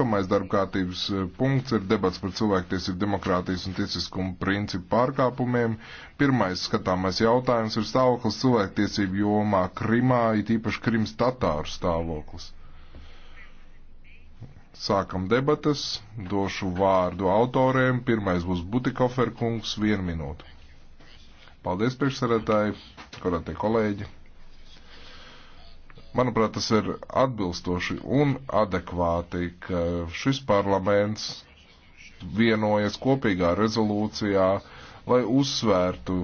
Pirmais darba kārtības eh, punkts ir debats par cilvēktiesību, demokrātijas un tiesiskumu principu pārkāpumiem. Pirmais skatāmais jautājums ir stāvoklis cilvēktiesību jomā Krimā, it īpaši Krims Tatāru stāvoklis. Sākam debatas, došu vārdu autoriem. Pirmais būs Butikofer kungs, vienu minūtu. Paldies priekšsarētāji, korate kolēģi. Manuprāt, tas ir atbilstoši un adekvāti, ka šis parlaments vienojas kopīgā rezolūcijā, lai uzsvērtu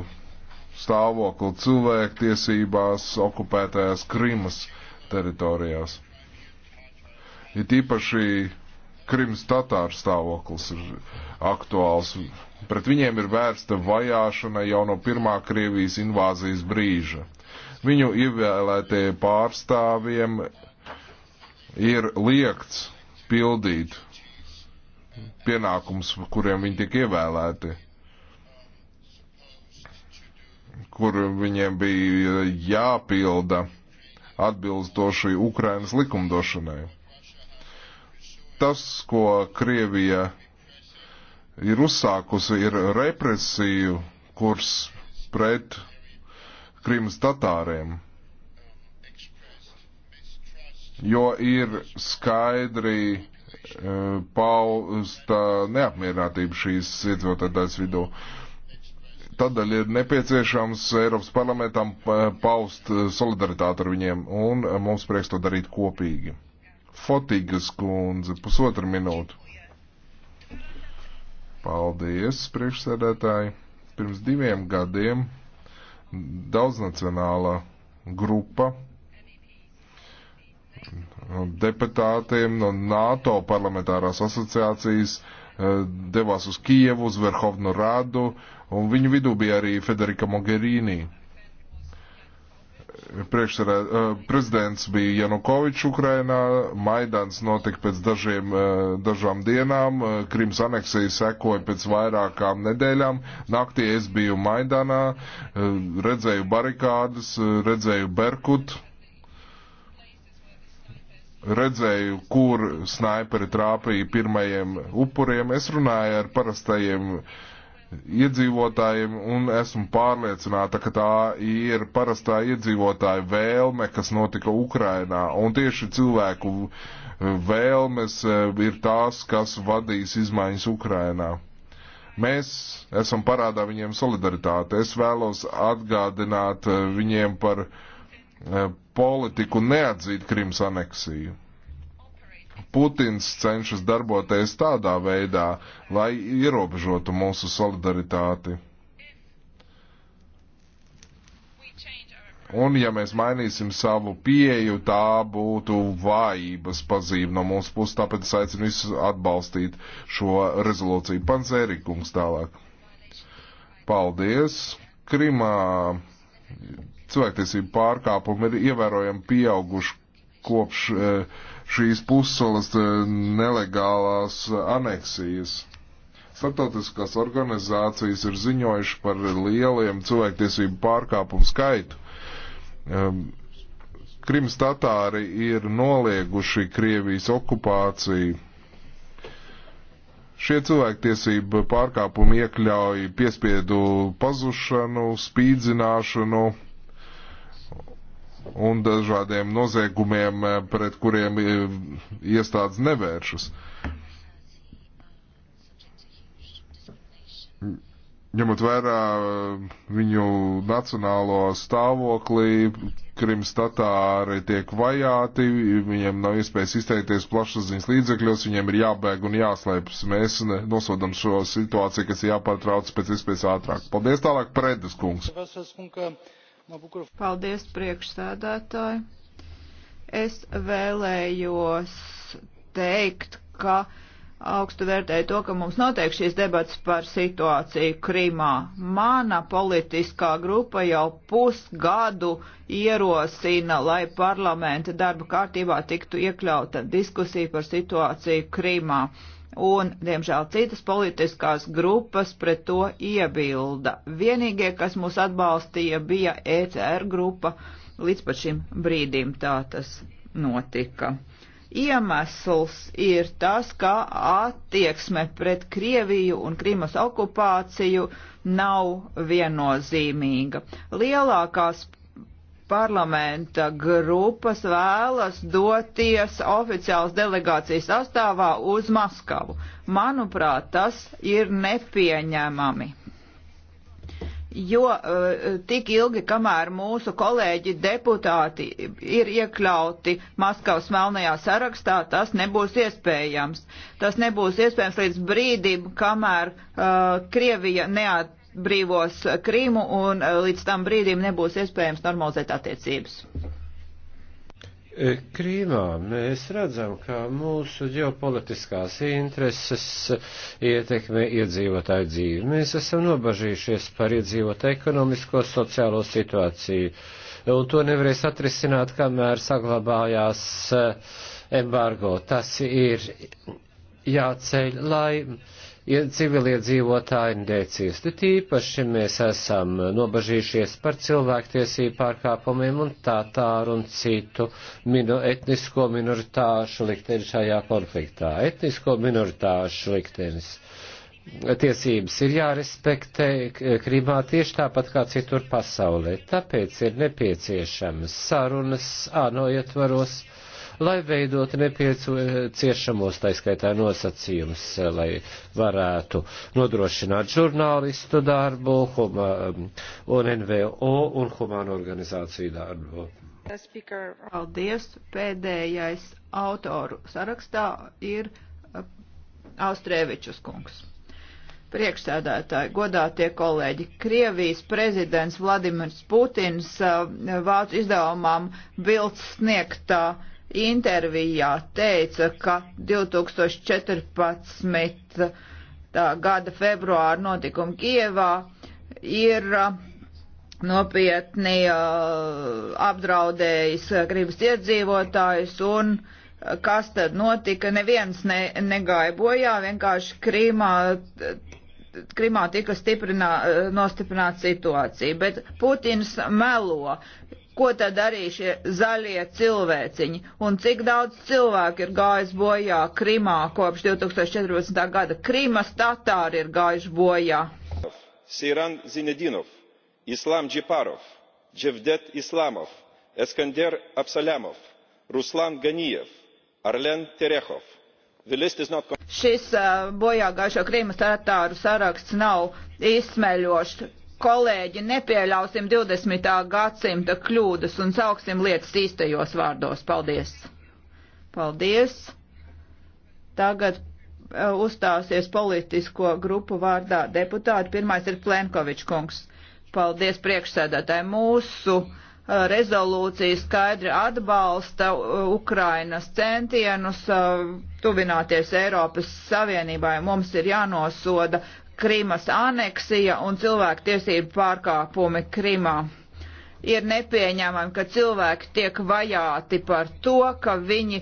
stāvokli cilvēktiesībās okupētajās Krimas teritorijās. Ir tīpaši Krimas tatāru stāvoklis ir aktuāls. Pret viņiem ir vērsta vajāšana jau no pirmā Krievijas invāzijas brīža viņu ievēlētie pārstāvjiem ir liekts pildīt pienākums, kuriem viņi tika ievēlēti, kur viņiem bija jāpilda atbilstoši Ukrainas likumdošanai. Tas, ko Krievija ir uzsākusi, ir represiju kurs pret Krimas tatāriem, jo ir skaidri uh, pausta neapmierinātība šīs iedzīvotājās vidū. Tādēļ ir nepieciešams Eiropas parlamentam e, paust solidaritāti ar viņiem, un mums prieks to darīt kopīgi. Fotīgas kundze, pusotra minūte. Paldies, priekšsēdētāji. Pirms diviem gadiem daudznacionāla grupa deputātiem no NATO parlamentārās asociācijas eh, devās uz Kievu, uz Verhovnu Rādu, un viņu vidū bija arī Federika Mogherini priekšsarā, prezidents bija Janukovičs Ukrainā, Maidans notika pēc dažiem, dažām dienām, Krims aneksija sekoja pēc vairākām nedēļām. Naktī es biju Maidanā, redzēju barikādas, redzēju Berkutu, redzēju, kur snaiperi trāpīja pirmajiem upuriem. Es runāju ar parastajiem uh, iedzīvotājiem, un esmu pārliecināta, ka tā ir parastā iedzīvotāja vēlme, kas notika Ukrainā. Un tieši cilvēku eh, vēlmes eh, ir tās, kas vadīs izmaiņas Ukrainā. Mēs esam parādā viņiem solidaritāti. Es vēlos atgādināt eh, viņiem par politiku neatzīt Krimas aneksiju. Putins cenšas darboties tādā veidā, lai ierobežotu mūsu solidaritāti. Un ja mēs mainīsim savu pieeju, tā būtu vājības pazīme no mūsu puses, tāpēc es aicinu visus atbalstīt šo rezolūciju. Panzērikums tālāk. Paldies. Krimā cilvēktiesību pārkāpumi ir ievērojami pieauguši kopš eh, šīs pussalas eh, nelegālās eh, aneksijas. Startautiskās organizācijas ir ziņojuši par lieliem cilvēktiesību pārkāpumu skaitu. Ehm, Krims tatāri ir nolieguši Krievijas okupāciju. Šie cilvēktiesību pārkāpumi iekļauj piespiedu pazušanu, spīdzināšanu, un dažādiem noziegumiem, eh, pret kuriem eh, iestādes nevēršas. Ņemot vērā eh, viņu nacionālo stāvokli, krimstatāri tiek vajāti, viņiem nav iespējas izteikties plašsaziņas līdzekļos, viņiem ir jābēg un jāslēpjas. Mēs nosodam šo situāciju, kas jāpārtrauc pēc iespējas ātrāk. Paldies tālāk, Predes kungs. Es Paldies, priekšsēdētāji. Es vēlējos teikt, ka augstu vērtēju to, ka mums notiek šīs debats par situāciju Krimā. Mana politiskā grupa jau pusgadu ierosina, lai parlamenta darba kārtībā tiktu iekļauta diskusija par situāciju Krimā un, diemžēl, citas politiskās grupas pret to iebilda. Vienīgie, kas mūs atbalstīja, bija ECR grupa, līdz pat šim brīdim tā tas notika. Iemesls ir tas, ka attieksme pret Krieviju un Krīmas okupāciju nav viennozīmīga. Lielākās parlamenta grupas vēlas doties oficiāls delegācijas sastāvā uz Maskavu. Manuprāt, tas ir nepieņemami. Jo eh, tik ilgi, kamēr mūsu kolēģi deputāti ir iekļauti Maskavas melnajā sarakstā, tas nebūs iespējams. Tas nebūs iespējams līdz brīdim, kamēr uh, Krievija neat atbrīvos Krīmu un eh, līdz tam brīdim nebūs iespējams normalizēt attiecības. E, Krīmā mēs redzam, ka mūsu ģeopolitiskās intereses ietekmē iedzīvotāju dzīvi. Mēs esam nobažījušies par iedzīvotāju ekonomisko sociālo situāciju, un to nevarēs atrisināt, kamēr saglabājās e, embargo. Tas ir jāceļ, lai civiliedzīvotāji un dēcisti. Tīpaši mēs esam nobažījušies par cilvēktiesību pārkāpumiem un tātāru un citu minu, etnisko minoritāšu likteni šajā konfliktā. Etnisko minoritāšu liktenis. Eh, tiesības ir jārespektē Krimā tieši tāpat kā citur pasaulē, tāpēc ir nepieciešamas sarunas ANO ietvaros lai veidot nepieciešamos taiskaitā nosacījums, lai varētu nodrošināt žurnālistu darbu huma, un NVO un humānu organizāciju darbu. Paldies. Pēdējais autoru sarakstā ir uh, Austrēvičus kungs. Priekšsēdētāji, godātie kolēģi, Krievijas prezidents Vladimirs Putins uh, vācu izdevumam Bilds sniegtā uh, intervijā teica, ka 2014. gada februāra notikumi Kievā ir nopietni apdraudējis Krīmas iedzīvotājus un kas tad notika, neviens ne, negāja bojā, vienkārši Krīmā Krimā tika nostiprināt situācija, bet Putins melo ko tad darīja šie zaļie cilvēciņi un cik daudz cilvēku ir gājis bojā Krimā kopš 2014. gada. Krimas tatāri ir gājuši bojā. Siran Zinedinov, Islam Džiparov, Dževdet Islamov, Eskander Apsalamov, Ruslan Ganijev, Arlen Terehov. Not... Šis uh, bojā gājušo Krimas tatāru saraksts nav izsmeļošs kolēģi, nepieļausim 20. gadsimta kļūdas un sauksim lietas īstajos vārdos. Paldies! Paldies! Tagad uh, uzstāsies politisko grupu vārdā deputāti. Pirmais ir Plenkovičs kungs. Paldies priekšsēdētāji. Mūsu uh, rezolūcija skaidri atbalsta uh, Ukrainas centienus tuvināties Eiropas Savienībai. Mums ir jānosoda Krimas aneksija un cilvēktiesību pārkāpumi Krimā. Ir nepieņemami, ka cilvēki tiek vajāti par to, ka viņi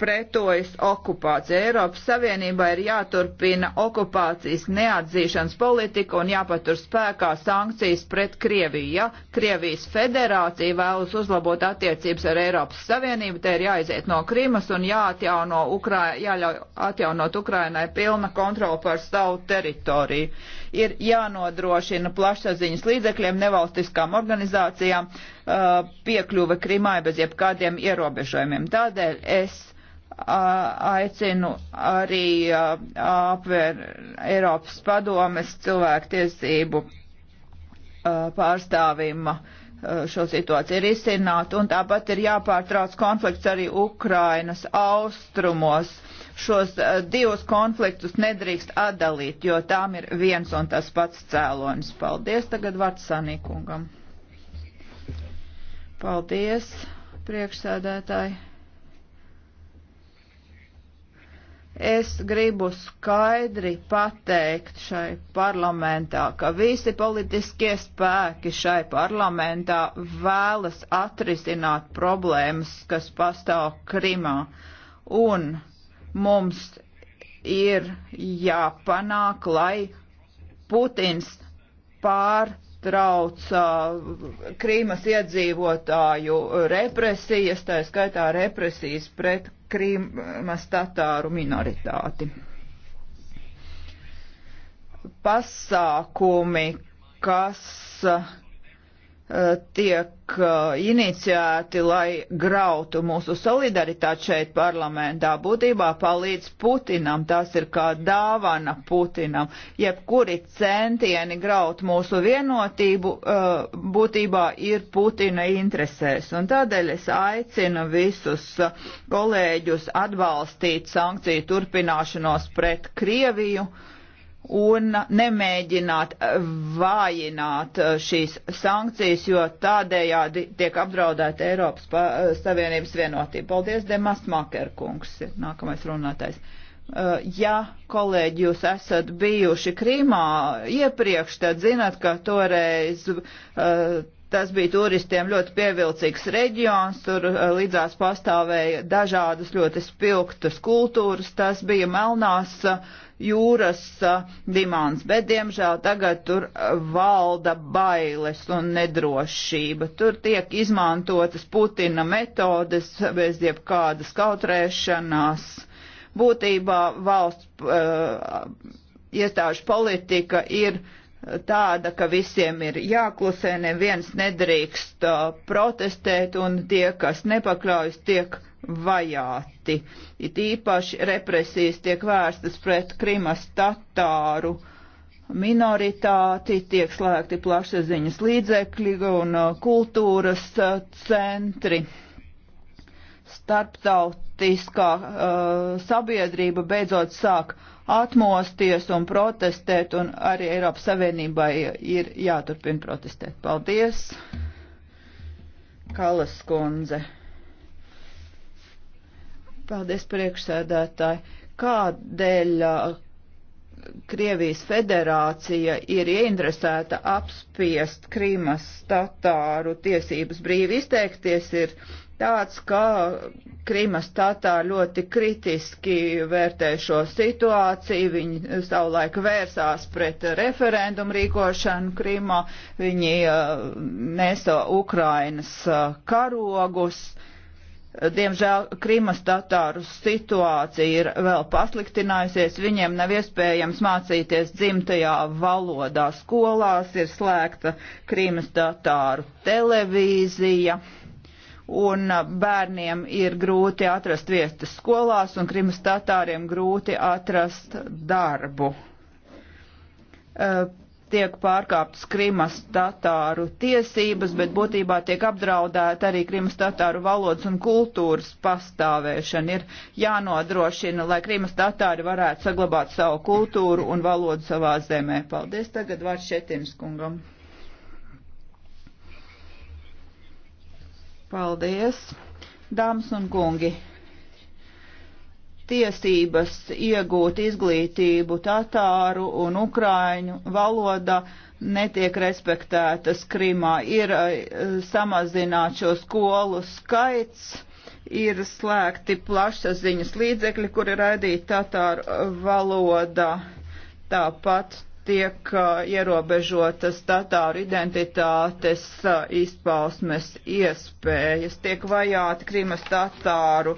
pretojas okupācija. Eiropas Savienībā ir jāturpina okupācijas neatzīšanas politika un jāpatur spēkā sankcijas pret Krieviju. Ja Krievijas federācija vēlas uzlabot attiecības ar Eiropas Savienību, te ir jāiziet no Krīmas un jāatjauno Ukrai, jāļauj atjaunot Ukrainai pilna kontrola pār savu teritoriju. Ir jānodrošina plašsaziņas līdzekļiem, nevalstiskām organizācijām uh, piekļuve Krimai bez jebkādiem ierobežojumiem. Tādēļ es aicinu arī apver Eiropas padomes cilvēktiesību pārstāvim šo situāciju risināt, un tāpat ir jāpārtrauc konflikts arī Ukrainas austrumos. Šos divus konfliktus nedrīkst atdalīt, jo tām ir viens un tas pats cēlonis. Paldies, tagad vārds Sanīkungam. Paldies, priekšsēdētāji. Es gribu skaidri pateikt šai parlamentā, ka visi politiskie spēki šai parlamentā vēlas atrisināt problēmas, kas pastāv Krimā. Un mums ir jāpanāk, lai Putins pārtrauc uh, Krīmas iedzīvotāju represijas, tā skaitā represijas pret Krīmas tatāru minoritāti. Pasākumi, kas uh, tiek uh, iniciēti, lai grautu mūsu solidaritāti šeit parlamentā, būtībā palīdz Putinam, tas ir kā dāvana Putinam. Jebkuri centieni graut mūsu vienotību uh, būtībā ir Putina interesēs. Un tādēļ es aicinu visus uh, kolēģus atbalstīt sankciju turpināšanos pret Krieviju un nemēģināt eh, vājināt eh, šīs sankcijas, jo tādējādi tiek apdraudēta Eiropas eh, Savienības vienotība. Paldies, Demas Makerkungs, nākamais runātais. Ja, kolēģi, jūs esat bijuši Krīmā iepriekš, tad zinat, ka toreiz uh, Tas bija turistiem ļoti pievilcīgs reģions, tur eh, līdzās pastāvēja dažādas ļoti spilgtas kultūras, tas bija Melnās eh, jūras eh, dimāns, bet diemžēl tagad tur valda bailes un nedrošība. Tur tiek izmantotas Putina metodes bez jebkādas kautrēšanās. Būtībā valsts uh, iestāžu politika ir uh, tāda, ka visiem ir jāklusē, neviens nedrīkst uh, protestēt un tie, kas nepakļaujas, tiek vajāti. It īpaši represijas tiek vērstas pret Krimas tatāru minoritāti, tiek slēgti plašsaziņas līdzekļi un uh, kultūras uh, centri. Starptautiskā uh, sabiedrība beidzot sāk atmosties un protestēt, un arī Eiropas Savienībai ir jāturpina protestēt. Paldies, Kalas kundze. Paldies, priekšsēdētāji. Kādēļ Krievijas federācija ir ieinteresēta apspiest Krīmas statāru tiesības brīvi izteikties, ir tāds, ka Krīmas tātā ļoti kritiski vērtē šo situāciju, viņi savulaik vērsās pret referendumu rīkošanu Krīmā, viņi uh, nesa Ukrainas uh, karogus. Diemžēl Krīmas tatāru situācija ir vēl pasliktinājusies, viņiem nav iespējams mācīties dzimtajā valodā skolās, ir slēgta Krīmas tatāru televīzija. Uh, un bērniem ir grūti atrast vietas skolās, un krimas tatāriem grūti atrast darbu. E, tiek pārkāptas krimas tatāru tiesības, bet būtībā tiek apdraudēta arī krimas tatāru valodas un kultūras pastāvēšana. Ir jānodrošina, lai krimas tatāri varētu saglabāt savu kultūru un valodu savā zemē. Paldies tagad Vāršetins kungam. Paldies, dāmas un kungi! Tiesības iegūt izglītību tatāru un ukraiņu valoda netiek respektētas Krimā. Ir eh, samazināts šo skolu skaits, ir slēgti plašsaziņas līdzekļi, kuri raidīti tatāru eh, valoda. Tāpat tiek ierobežotas tatāru identitātes izpausmes iespējas, tiek vajāti Krīmas tatāru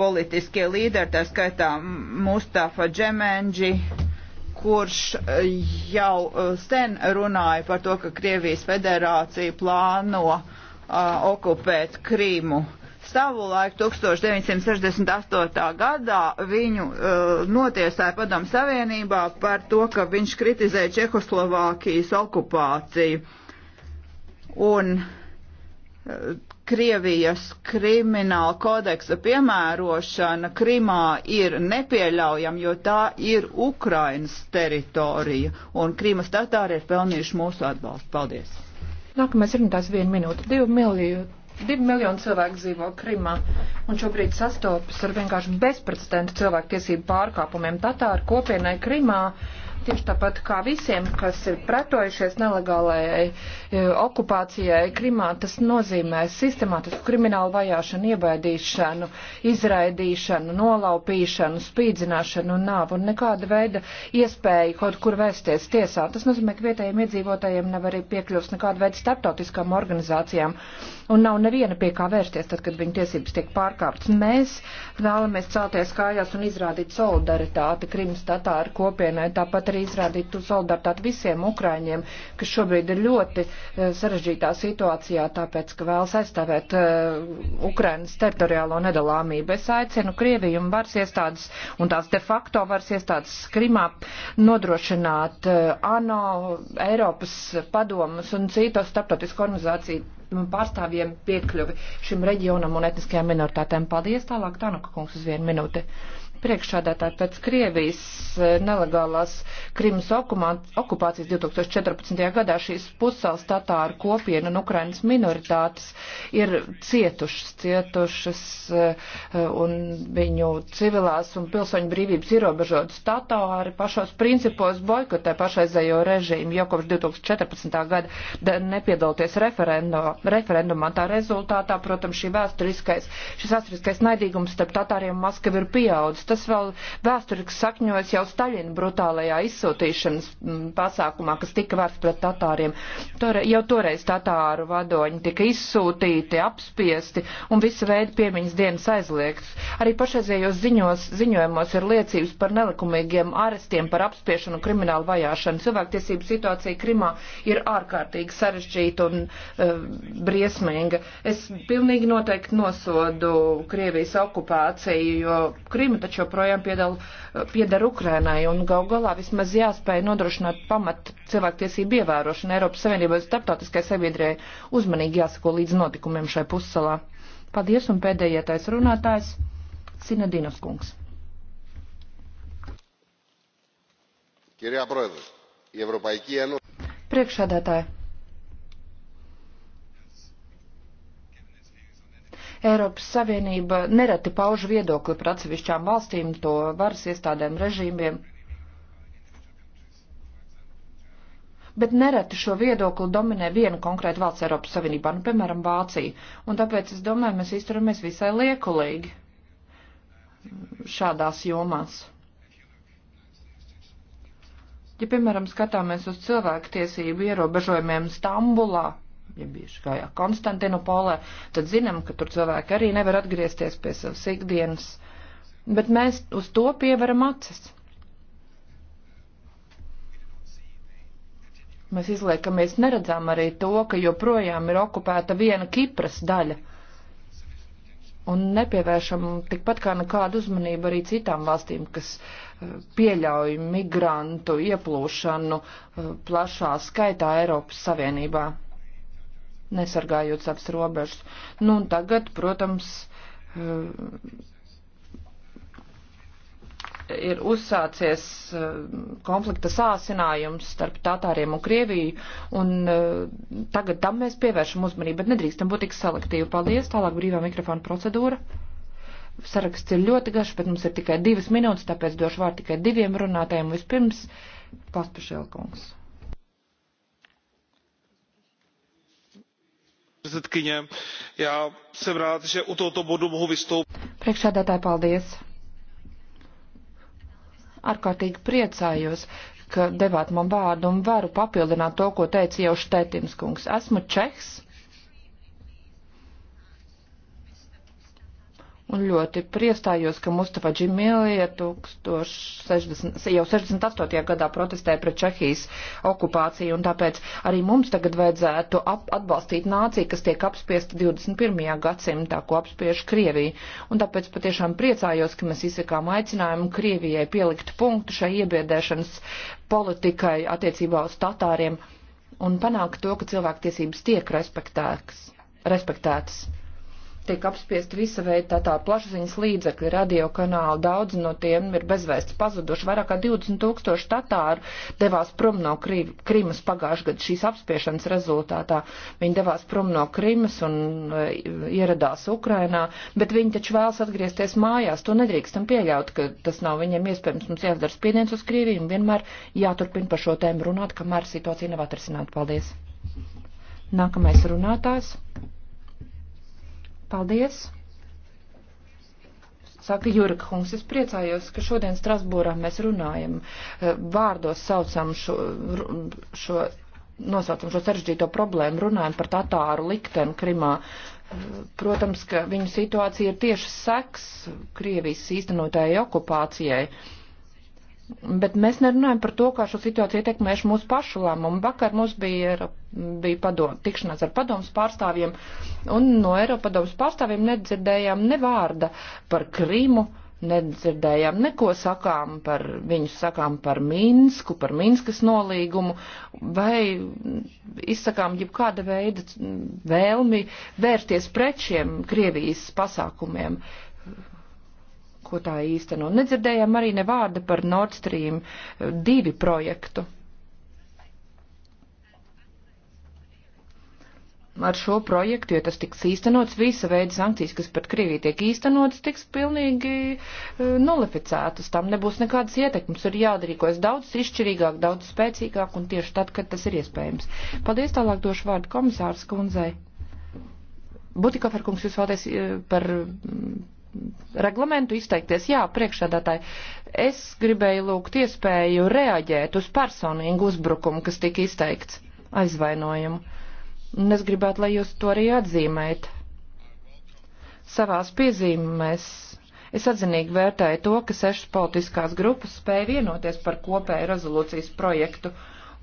politiskie līderi, tā skaitā Mustafa Džemenģi, kurš jau sen runāja par to, ka Krievijas federācija plāno uh, okupēt Krīmu. Uh, savulaik 1968. gadā viņu uh, notiesāja padomu savienībā par to, ka viņš kritizēja Čehoslovākijas okupāciju. Un eh, Krievijas krimināla kodeksa piemērošana Krimā ir nepieļaujama, jo tā ir Ukrainas teritorija, un Krīmas tatāri ir pelnījuši mūsu atbalstu. Paldies! Nākamais runātājs vienu minūti, divu miliju Divi miljoni cilvēku dzīvo Krimā un šobrīd sastopas ar vienkārši bezprecedenta cilvēku tiesību pārkāpumiem. Tatāri kopienai Krimā uh, Tieši tāpat kā visiem, kas ir pretojušies nelegālajai e, okupācijai Krimā, tas nozīmē sistemātisku kriminālu vajāšanu, iebaidīšanu, izraidīšanu, nolaupīšanu, spīdzināšanu un nāvu un nekāda veida iespēja kaut kur vēsties tiesā. Tas nozīmē, ka vietējiem iedzīvotājiem nav arī piekļuvs nekāda veida starptautiskām organizācijām un nav neviena pie kā vērsties tad, kad viņu tiesības tiek pārkāptas. Mēs vēlamies celties kājās un izrādīt solidaritāti Krimas tatāru kopienai. Tāpat arī izrādīt tu solidaritāti visiem ukraiņiem, kas šobrīd ir ļoti eh, sarežģītā situācijā, tāpēc, ka vēlas aizstāvēt uh, Ukrainas teritoriālo nedalāmību. Es aicinu Krieviju un varas iestādes un tās de facto varas iestādes Krimā nodrošināt uh, ANO, Eiropas padomus un citos starptautisku organizāciju pārstāvjiem piekļuvi šim reģionam un etniskajām minoritātēm. Paldies tālāk, Tanuka kungs, uz vienu minūti priekšādātāji pēc Krievijas eh, nelegālās Krimas okupācijas 2014. gadā šīs pusēls tatāru kopiena un Ukrainas minoritātes ir cietušas, cietušas eh, un viņu civilās un pilsoņu brīvības ierobežotas tatāri pašos principos boikotē pašreizējo režīmu, jo kopš 2014. gada nepiedalties referendumā. Tā rezultātā, protams, šī vēsturiskais, šis vēsturiskais naidīgums starp tatāriem Maskavu ir pieaudzis tas vēl vēsturiski sakņojas jau Staļina brutālajā izsūtīšanas pasākumā, kas tika vērsts pret tatāriem. Tore, jau toreiz tatāru vadoņi tika izsūtīti, apspiesti un visa veida piemiņas dienas aizliegts. Arī pašreizējos ziņos, ziņojumos ir liecības par nelikumīgiem arestiem, par apspiešanu un kriminālu vajāšanu. Cilvēktiesību situācija Krimā ir ārkārtīgi sarežģīta un uh, briesmīga. Es pilnīgi noteikti nosodu Krievijas okupāciju, jo Krima taču kurš joprojām piedal, piedara Ukrainai. Un gal galā vismaz jāspēj nodrošināt pamat cilvēktiesību ievērošanu Eiropas Savienībai un starptautiskai sabiedrē. Uzmanīgi jāsako līdz notikumiem šai pussalā. Paldies un pēdējais runātājs Sinadinas kungs. Priekšādātāji. Eiropas Savienība nereti pauž viedokli par atsevišķām valstīm, to varas iestādēm, režīmiem. Bet nereti šo viedokli dominē viena konkrēta valsts Eiropas Savienībā, nu, piemēram, Vācija. Un tāpēc es domāju, mēs izturamies visai liekulīgi šādās jomās. Ja, piemēram, skatāmies uz cilvēku tiesību ierobežojumiem Stambulā, ja bijuši gājā Konstantinopolē, tad zinām, ka tur cilvēki arī nevar atgriezties pie savas ikdienas, bet mēs uz to pievaram acis. Mēs izliekamies neredzām arī to, ka joprojām ir okupēta viena Kipras daļa un nepievēršam tikpat kā nekādu uzmanību arī citām valstīm, kas eh, pieļauj migrantu ieplūšanu eh, plašā skaitā Eiropas Savienībā nesargājot savas robežas. Nu, un tagad, protams, eh, ir uzsācies eh, konflikta sāsinājums starp Tātāriem un Krieviju, un eh, tagad tam mēs pievēršam uzmanību, bet nedrīkstam būt tik selektīvi. Paldies, tālāk brīvā mikrofona procedūra. Saraksts ir ļoti garš, bet mums ir tikai divas minūtes, tāpēc došu vārdu tikai diviem runātājiem. Vispirms, Paspišēlkungs. předsedkyně já jsem rád že u tohoto bodu mohu vystoupit. priekšsēdētāji paldies. ārkārtīgi priecājos ka devāt man vārdu un varu papildināt to ko teica jau štetins kungs. esmu čehs Un ļoti priestājos, ka Mustafa Džimilija 1060, jau 68. gadā protestēja pret Čehijas okupāciju, un tāpēc arī mums tagad vajadzētu ap, atbalstīt nāciju, kas tiek apspiesta 21. gadsimtā, ko apspiež Krievija. Un tāpēc patiešām priecājos, ka mēs izsakām aicinājumu Krievijai pielikt punktu šai iebiedēšanas politikai attiecībā uz tatāriem un panākt to, ka cilvēktiesības tiek respektētas tiek apspiesti visa veida tā plašsaziņas līdzekļi, radiokanāli, daudz no tiem ir bezvēsts pazuduši. Vairāk kā 20 tūkstoši tatāru devās prom no Krimas pagājušajā gadā šīs apspiešanas rezultātā. Viņi devās prom no Krimas un e, ieradās Ukrainā, bet viņi taču vēlas atgriezties mājās. To nedrīkstam pieļaut, ka tas nav viņiem iespējams. Mums jāizdara spiediens uz Krieviju un vienmēr jāturpina par šo tēmu runāt, kamēr situācija nav atrisināta. Paldies! Nākamais runātājs. Paldies! Saka Jurka Hungs, es priecājos, ka šodien Strasbūrā mēs runājam, eh, vārdos saucam šo, šo nosaucam šo sarežģīto problēmu, runājam par tatāru likteni Krimā. Protams, ka viņu situācija ir tieši seks Krievijas īstenotāja okupācijai. Bet mēs nerunājam par to, kā šo situāciju ietekmēšu mūsu pašu lēmumu. Vakar mums bija, Eiro, bija padom, tikšanās ar padomus pārstāvjiem, un no Eiropadomus pārstāvjiem nedzirdējām ne vārda par Krimu, nedzirdējām neko sakām par viņu sakām par Minsku, par Minskas nolīgumu, vai izsakām jebkāda veida vēlmi vērsties pret šiem Krievijas pasākumiem ko tā īsteno. Nedzirdējām arī ne vārda par Nord Stream 2 eh, projektu. Ar šo projektu, jo tas tiks īstenots, visa veida sankcijas, kas pret Krieviju tiek īstenotas, tiks pilnīgi eh, nulificētas. Tam nebūs nekādas ietekmes. Ir jādarīkojas daudz izšķirīgāk, daudz spēcīgāk un tieši tad, kad tas ir iespējams. Paldies tālāk došu vārdu komisārs kundzei. Butikoferkungs, jūs vēlaties eh, par reglamentu izteikties. Jā, priekšsēdētāji, es gribēju lūgt iespēju reaģēt uz personīgu uzbrukumu, kas tika izteikts aizvainojumu. Un es gribētu, lai jūs to arī atzīmējat. Savās piezīmēs es atzinīgi vērtēju to, ka sešas politiskās grupas spēja vienoties par kopēju rezolūcijas projektu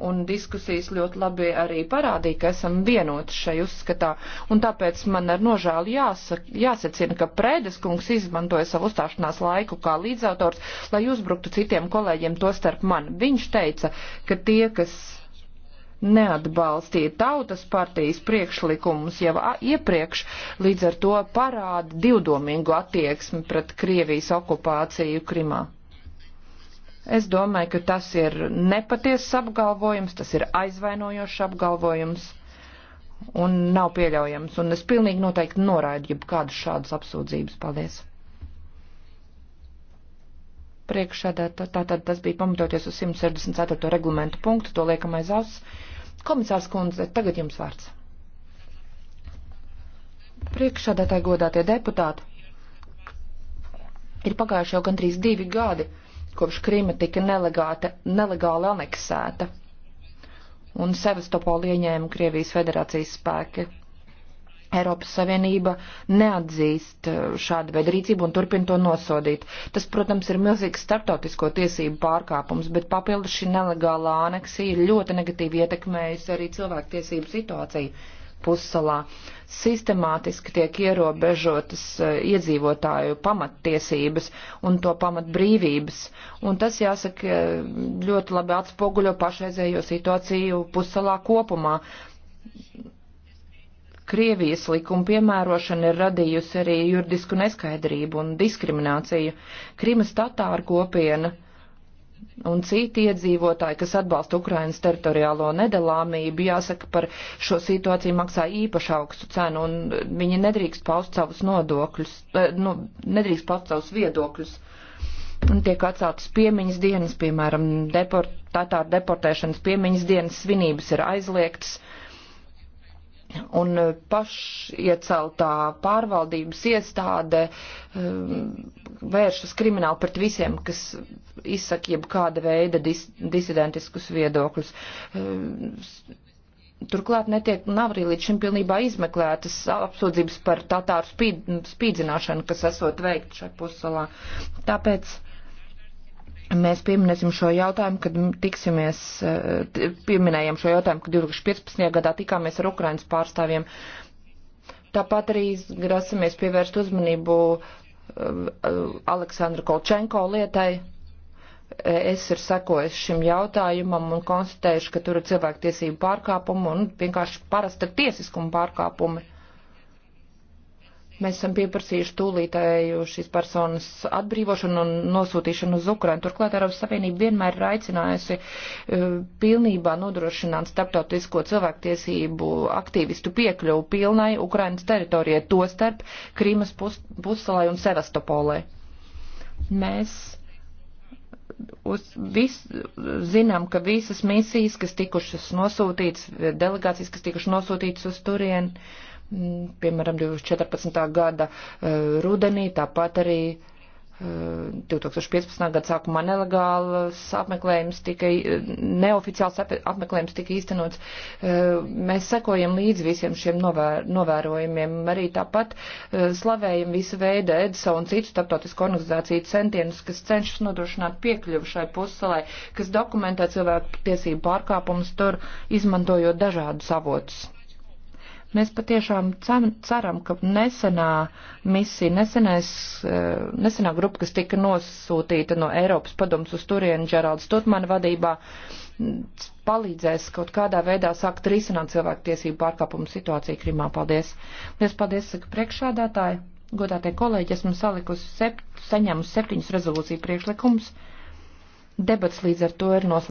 un diskusijas ļoti labi arī parādīja, ka esam vienoti šai uzskatā. Un tāpēc man ar nožēlu jāsaka, jāsacina, ka Prēdes kungs izmantoja savu uzstāšanās laiku kā līdzautors, lai uzbruktu citiem kolēģiem to starp man. Viņš teica, ka tie, kas neatbalstīja tautas partijas priekšlikumus jau iepriekš, līdz ar to parāda divdomīgu attieksmi pret Krievijas okupāciju Krimā. Es domāju, ka tas ir nepatiesas apgalvojums, tas ir aizvainojošs apgalvojums un nav pieļaujams. Un es pilnīgi noteikti noraidu jebkādus šādus apsūdzības. Paldies! Priekšādā, tātad tas bija pamatoties uz 164. reglamentu punktu, to liekam aiz auss. Komisārs kundze, tagad jums vārds. Priekšādātāji godātie deputāti, ir pagājuši jau gandrīz divi gadi kopš Krīma tika nelegāta, nelegāli aneksēta un Sevastopoli ieņēma Krievijas federācijas spēki. Eiropas Savienība neatzīst uh, šādu veidu rīcību un turpina to nosodīt. Tas, protams, ir milzīgs starptautisko tiesību pārkāpums, bet papildus šī nelegālā aneksija ļoti negatīvi ietekmējusi arī cilvēktiesību situāciju pussalā. Sistemātiski tiek ierobežotas eh, iedzīvotāju pamattiesības un to pamatbrīvības, un tas, jāsaka, eh, ļoti labi atspoguļo pašreizējo situāciju pussalā kopumā. Krievijas likuma piemērošana ir radījusi arī juridisku neskaidrību un diskrimināciju. Krimas tatāru kopiena uh, un citi iedzīvotāji, kas atbalsta Ukrainas teritoriālo nedalāmību, jāsaka par šo situāciju maksā īpaši augstu cenu, un viņi nedrīkst paust savus nodokļus, eh, nu, nedrīkst paust savus viedokļus. Un tiek atceltas piemiņas dienas, piemēram, deport, tātā deportēšanas piemiņas dienas svinības ir aizliegtas Un eh, pašieceltā pārvaldības iestāde um, vēršas krimināli pret visiem, kas izsaka jebkāda veida dis disidentiskus viedokļus. Um, Turklāt netiek un nav arī līdz šim pilnībā izmeklētas apsūdzības par tatāru spīd, spīdzināšanu, kas esot veikt šai pussalā. Tāpēc Mēs pieminēsim šo jautājumu, kad tiksimies, eh, pieminējam šo jautājumu, kad 2015. gadā tikāmies ar Ukrainas pārstāvjiem. Tāpat arī grasamies pievērst uzmanību eh, Aleksandra Kolčenko lietai. Es ir sekojis šim jautājumam un konstatējuši, ka tur ir cilvēktiesību pārkāpumi un vienkārši parasta tiesiskuma pārkāpumi. Mēs esam pieprasījuši tūlītēju šīs personas atbrīvošanu un nosūtīšanu uz Ukrainu. Turklāt Eiropas Savienība vienmēr ir aicinājusi e, pilnībā nodrošināt starptautisko cilvēktiesību aktīvistu piekļuvu pilnai Ukrainas teritorijai, to starp Krīmas pus pussalai un Sevastopolē. Mēs uz vis, zinām, ka visas misijas, kas tikušas nosūtītas, delegācijas, kas tikušas nosūtītas uz turieni, uh, piemēram, 2014. gada e, rudenī, tāpat arī 2015. E, gada sākumā nelegāls apmeklējums tika, neoficiāls apmeklējums tika īstenots. E, mēs sekojam līdz visiem šiem novēr, novērojumiem. Arī tāpat slavējam visu veidu EDSA un citu starptautisku organizāciju centienus, kas cenšas nodrošināt piekļuvu šai pussalai, kas dokumentē cilvēku tiesību pārkāpumus tur, izmantojot dažādus avotus Mēs patiešām ceram, ka nesenā misija, nesenais, eh, nesenā grupa, kas tika nosūtīta no Eiropas padomus uz turieni Džeralds Tutmana vadībā, palīdzēs kaut kādā veidā sākt risināt cilvēku tiesību pārkāpumu situāciju Krimā. Paldies! Lies paldies, saka priekšādātāji! Godātie kolēģi, esmu salikusi sep, saņēmusi septiņus rezolūciju priekšlikumus. Debats līdz ar to ir noslēgts.